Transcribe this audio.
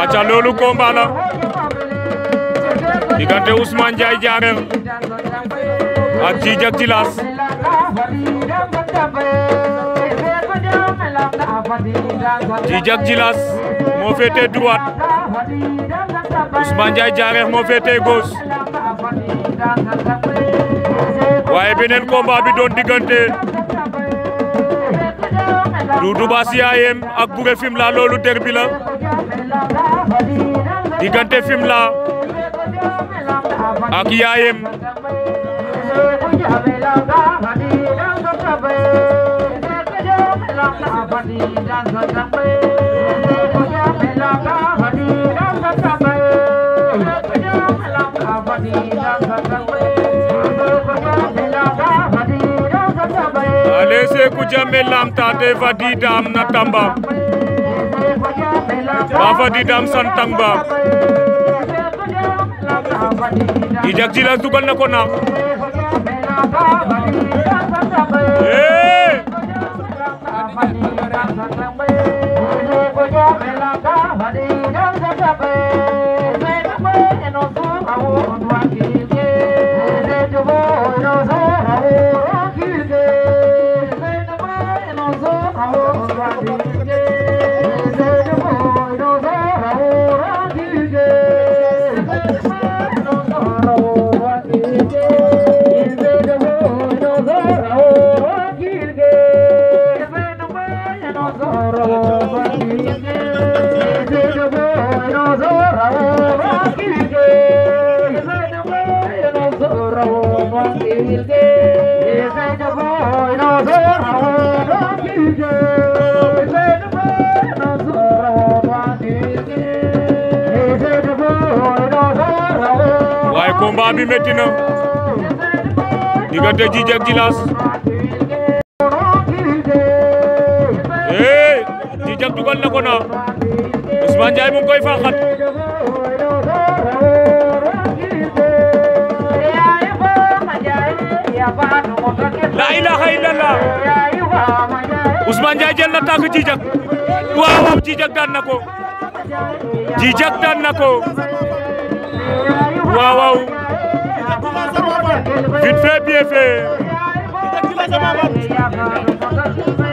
aca loolu combat la diggante Ousmane Ndiaye Diarère ak Djidiack Djilass Djidiack Djilass moo féete droite Ousmane Ndiaye Diarère moo féete gauche waaye beneen combat doon diggante Doudou Basse yaayem ak Bouré Fimela loolu derby la diggante Fimela ak yaayem Thank you. se Alese kujame lam tate vadidam dam san tamba. Ijak jila dukan na kona. Hey! Hey! waaye combat bi métti na diggante Djidji ak Djilass eh Djidji dugal na ko na Ousmane Ndiaye mu ngi koy faaxat laa ilaaha illallah Ousmane Ndiaye jël na tànk Djijak waaw waaw Djijak daan na ko Djijak daan na ko waaw waaw vite fait bien fait